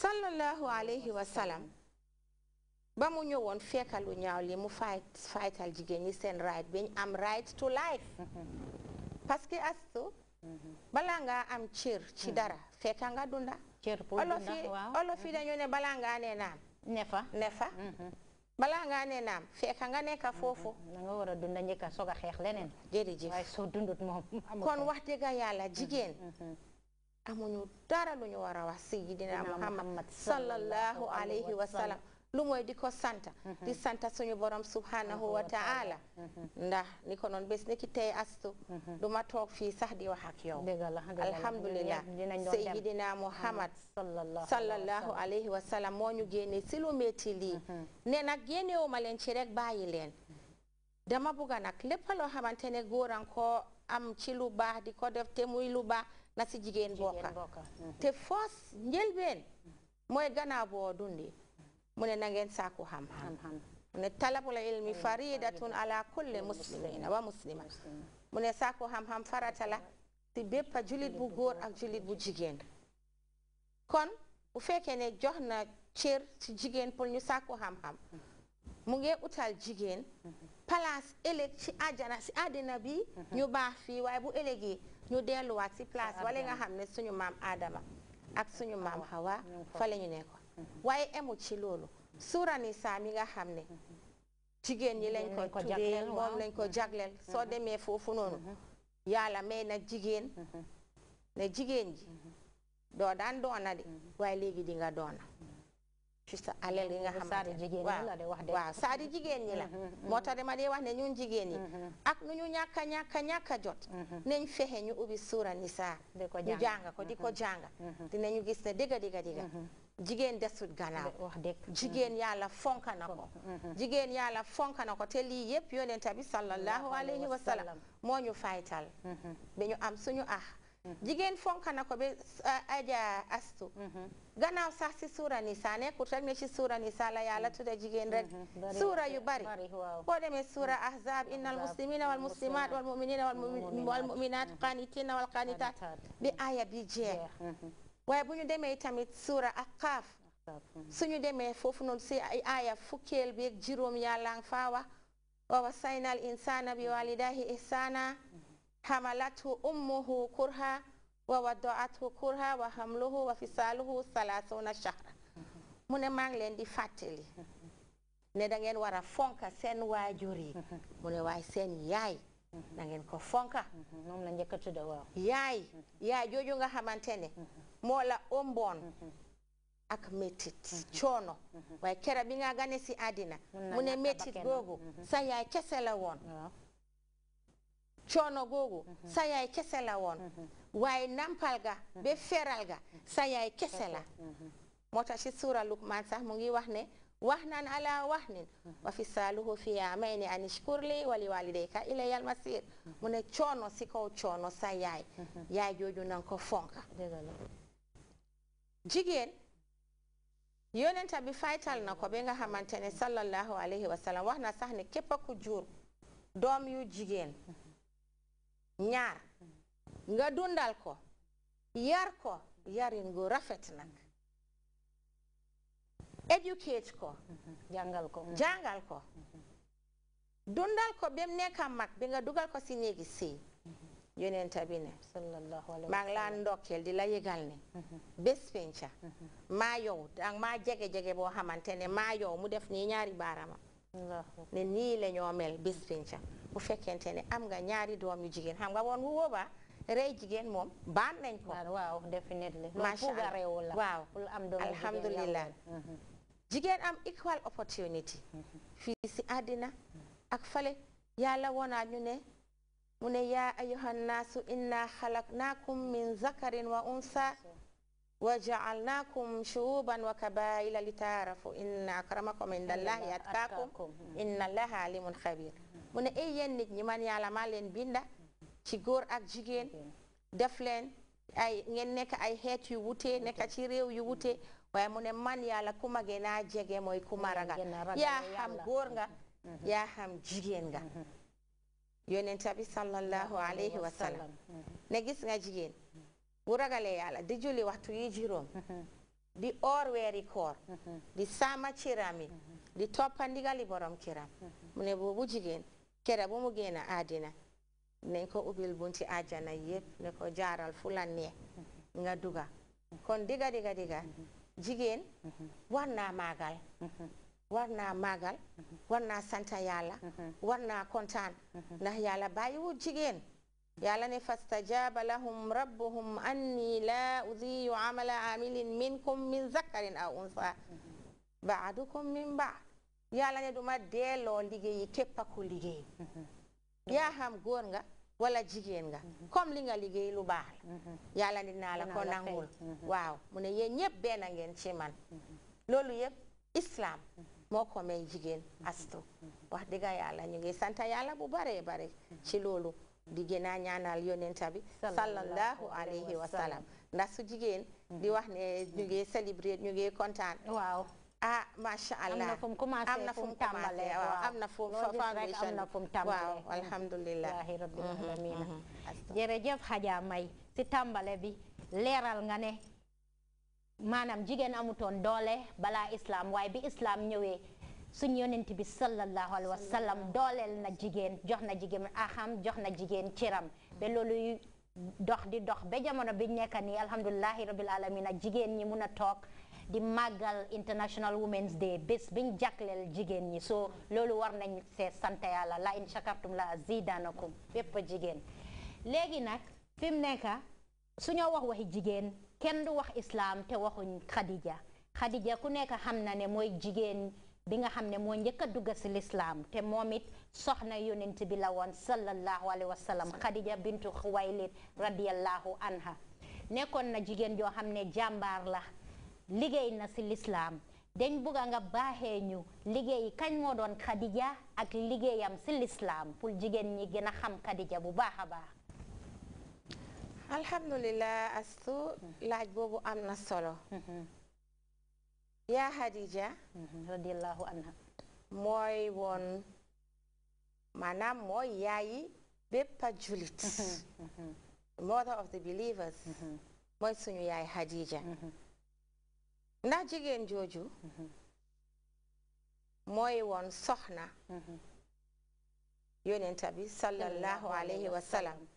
sallallahu alayhi wa ba mu ñëwoon fekkalu ñaaw li mu fight fightal jigéen ñi seen right biñ am right to life parce que astu balaa ngaa am cër ci dara fekka nga dunda olofi dañu ne balaa ngaa ne naam nefa nefa mhm. balaa ngaa ne naam fekka nga nekka mhm. foofu da nga war a dunda njëkka soog a xeex leneen jërëjëf waaye soo dundut moom kon wax dëgg yàlla jigéen mhm. amuñu dara lu ñu war a wax sayyidina muhammad sallallahu alayhi wa sallam lu mooy di ko santa mm-hmm. di santa suñu borom subhanahu wa ta'ala mm-hmm. ndax ni ko noon bés ni ki tey astu mm-hmm. du ma toog fii sax di wax ak yow alhamdulillah sayyidina muhammad sallallahu alayhi wa sallam moo ñu génne si lu métti lii ne nag génnewu ma leen ci rek bàyyi leen dama bugga nag lépp loo xamante ne góoran am ci lu baax di ko def te muy lu baax na ci jigéen bokka mhm. te foos njëlbeen mooy gannaaw boo dundi mu ne na ngeen sàkku xam-xam mu ne talabul ilmi faridatun ala kulli muslima mu ne sàkku xam-xam farata la si bépp julit bu góor ak julit bu jigéen kon bu fekkee ne jox na cër ci jigéen pour ñu sàkku xam-xam mu ngi utal jigéen mhm. place ëllëg ci àjjana si àddina bi mhm. ñu baax fii waaye bu yi ñu delluwaat si place wala nga xam ne suñu maam Adama ak suñu maam Hawa fa la ñu mhm. waaye emu ci loolu suura Nisaa mi nga xam ne mhm. jigéen ñi lañ ko tuddee moom lañ ko jagleel soo demee foofu noonu yàlla may na jigéen ne jigéen ji doo daan doona de waaye léegi di nga doona ci sa alal yi nga xamante ne waaw saadi jigéen ñi la mm-hmm, mm-hmm. moo tax ma dee wax ne ñun jigéen ñi mm-hmm. ak nu ñu ñàkka ñàkka ñàkka jot nañ fexe ñu ubbi suura nisaa ñu jànga ko di ko jànga dinañu gis ne dégga dégga dégga jigéen desut gannaaw jigéen yàlla fonka na ko jigéen yàlla fonka na ko te lii yëpp yonent bi sallallahu alayhi wa sallam moo ñu faytal bi ñu am suñu ah jigéen fonka na ko be eh, aja astu mhm. gannaaw sax si suura Nisaa nekkut rek ne ci suura Nisaa la yàlla jigéen rek mhm. suura yu bari boo demee suura mhm. ahzab innal muslimina wal muslimat wal muminina wal muminat qanitina bi aya bi jeex waaye bu ñu demee tamit suura ak qaaf suñu demee foofu noonu si aya fukkeel bi ak juróom yàlla nga wa wasaynal insaana bi walidayhi ihsaana حملته أمه كرها ووضعته كرها وحمله وفصاله ثلاثون شهرا mu ne maa ngi leen di fàttali ne dangeen ngeen war a fonka seen waajur mu ne waaye seen yaay da ko fonka moom la njëkk a tudd yaay yaay jooju nga xamante ne moo la omboon ak métit coono waaye kera bi nga gane si àddina mu ne métit googu sa yaay kese la woon coono googu mhm. sa yaay kese la woon mhm. waaye nampal ga mhm. ba feral ga sa yaay kese la moo tax ci suura Lukman sax mu ngi wax ne wahnan ala wahnin wa fisaaluhu fi yaamayni an ishkur li wa li walidayka ilay almasir mu ne coono si kaw coono sa yaay yaay jooju nan ko fonka jigéen yonenta bi faytal na ko ba nga xamante ne sallallahu alayhi wa wax na sax ne képp ku jur doom yu jigéen ñaar nga dundal ko yar ko yarin gu rafet nag educate ko jàngal ko jàngal ko dundal ko bem nekkam mag bi nga dugal ko si néegi sii yonenta bi ne maa ngi laa ndokkeel di la yëgal ne bés penca maa yow dang maa jege jege boo xamante ne maa yow mu def nii ñaari baarama ne nii la ñoo mel bés penca bu fekkente ne am nga ñaari doom yu jigéen xam nga woon bu boobaa jigéen moom baan nañ ko waaw definitely macha allah waaw alhamdulillah mhm. jigéen am equal mhm. si àddina ak fale yàlla wonaa ñu ne mu ne ya ayyuhan naasu inna xalaqnaakum min zakarin wa unsa wa jaalnaakum shuuban wa kabaila li taarafu inna akramakum inda allahi atqaakum mhm. inna allaha alimun xabir mu ne ay eh, yéen nit ñi man yàlla maa leen binda ci góor ak jigéen def leen ay ngeen nekk ay xeet yu wute nekk ci réew yu wute waaye mu ne man yàlla ku ma gën jege mooy ku ma ragal yaa xam góor nga mhm. yaa jigéen ga mhm. yonent bi sallallahu alayhi wa sallam mhm. ne gis nga jigéen bu ragalee yàlla di julli waxtu yi juróom di oor weeri koor di sama ciram di toppa ndigali borom ciram mu ne boobu jigéen kere ba mu génn àddina nañ ko ubbil bunti àjjana yépp ne ko jaaral fu la neex nga duga kon diga diga diga jigéen war naa maagal war naa maagal war naa santa yàlla war naa kontaan ndax yàlla bàyyiwul jigéen yàlla ne fastajaaba lahum rabbuhum anni la udiyu amala amilin minkum min zakarin aw unsa baadukum min baad yàlla ne duma delloo liggéeyi képp ku liggéey mhm. yaa xam góor nga wala jigéen nga mhm. comme li nga liggéey lu baax la mhm. yàlla ne naa la ko nangul waaw mu ne yéen ñëpp benn ngeen ci man loolu yëpp islam moo ko may jigéen astu wax dëgg yàlla ñu ngi sant yàlla bu bare bare ci loolu di gën a ñaanal yonenta bi sallallahu alayhi wa ndax jigéen di wax ne ñu ngi célébrer ñu ah macha am na fum mu commencé am na fu mu tàmbalee waaw am na fu May si tàmbale bi leeral nga ne maanaam jigéen amutoon doole balaa islam waaye bi islam ñëwee suñ yonent bi sallallahu alayhi wa sallam dooleel na jigéen jox na jigéen axam jox na jigéen ciram be loolu dox di dox ba jamono bi nekka nii alhamdulilahi rabbil alamin jigéen ñi mun a toog di màggal International Women's Day bés biñ jàkkleel jigéen ñi so loolu war nañ see sant yàlla la in shakartum la azidannakum bépp jigéen léegi nag fi mu nekk suñoo wax waxi jigéen kenn du wax islaam te waxuñ Khadija Khadija ku nekk xam na ne mooy jigéen bi nga xam ne moo njëkk a dugg si lislaam te moom it soxna yonent bi la woon sallallahu alayhi wa sallam Khadija bintu Xuwaylid radiallahu anha nekkoon na jigéen joo xam ne jàmbaar la liggéey na si lislaam dañ bugga nga baaxee ñu liggéey kañ moo doon Khadija ak liggéeyam si lislaam pour jigéen ñi gën a xam Khadija bu baax a baax alhamdulilah astu mm-hmm. laaj boobu am na solo mm-hmm. yaa Khadija mm-hmm. radiallahu anha mooy woon maanaam mooy yaayi bépp a julit mother of the believers mooy suñu yaay Khadija ndax jigéen jooju mooy won soxna yonenta bi sallallahu alayhi wa sallam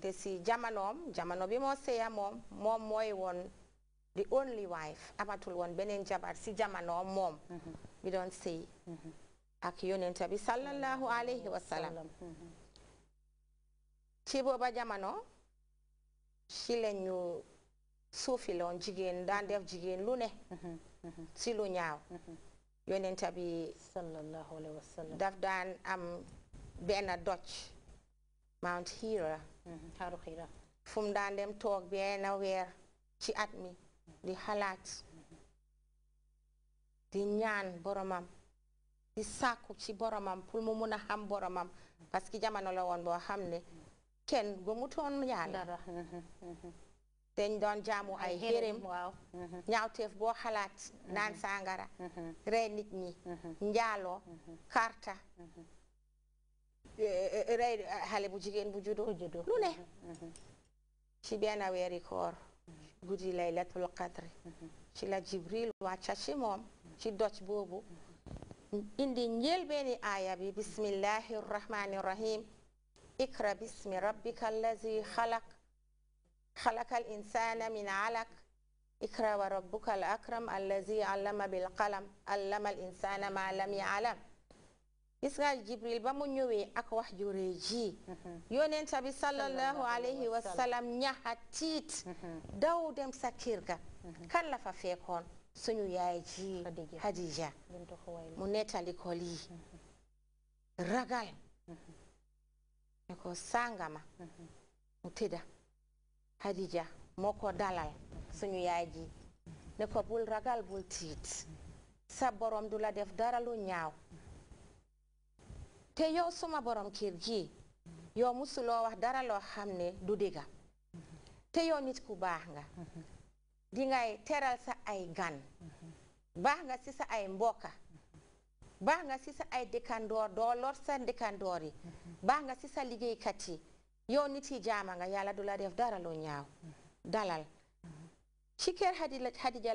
te si jamonoom jamono bi moo seya moom mooy woon the only wife amatul woon beneen jabar si jamonoom moom bi doon sëy ak yonenta bi sallallahu alayhi wa sallam ci booba jamono ci lañu suufiloon jigéen daan def jigéen lu ne mhm, mhm. si lu ñaaw mhm. yonenta bi sallallahu alayhi wa sallam daf daan am benn doc Mount Hira xaaru Hira fu mu dem toog benn weer ci at mi di xalaat di ñaan boromam di sàkku ci boromam pour mu mun a xam boromam parce que jamono la woon boo xam ne kenn gëmutoon yàlla dañ doon jaamu ay xërëm mhm. ñaawteef boo xalaat mhm. naan sangara mhm. rey nit ñi njaaloo karta rey xale bu jigéen bu juddu lu ne ci benn weeri koor guddi laylatul qadri ci la jibril wàcca ci moom ci doj boobu indi njëlbeeni aaya bi bismillahi rahmani rahim ikra bismi rabbika allazi xalaq خلق الإنسان من علق اقرأ وربك mu ñëwee ak wax ju rëy ji mhm. yonent suñu yaay ji Hadija mu nettali ko mhm. ragal mhm. ne mu tëdda khadija moko dalal suñu yaay ji ne ko bul ragal bul tiit sa borom du la def dara lu ñaaw te yow suma borom kër gi yow musuloo wax dara loo xam ne du diga te yow nit ku baax nga di ngay teral sa ay gan baax nga si sa ay mboka baax nga si sa ay dikandoor doo lor sa dikandoor yi baax nga si sa liggéeykat yi yow nit yi jaama nga yàlla du la def dara lu ñaaw dalal ci kër Xadija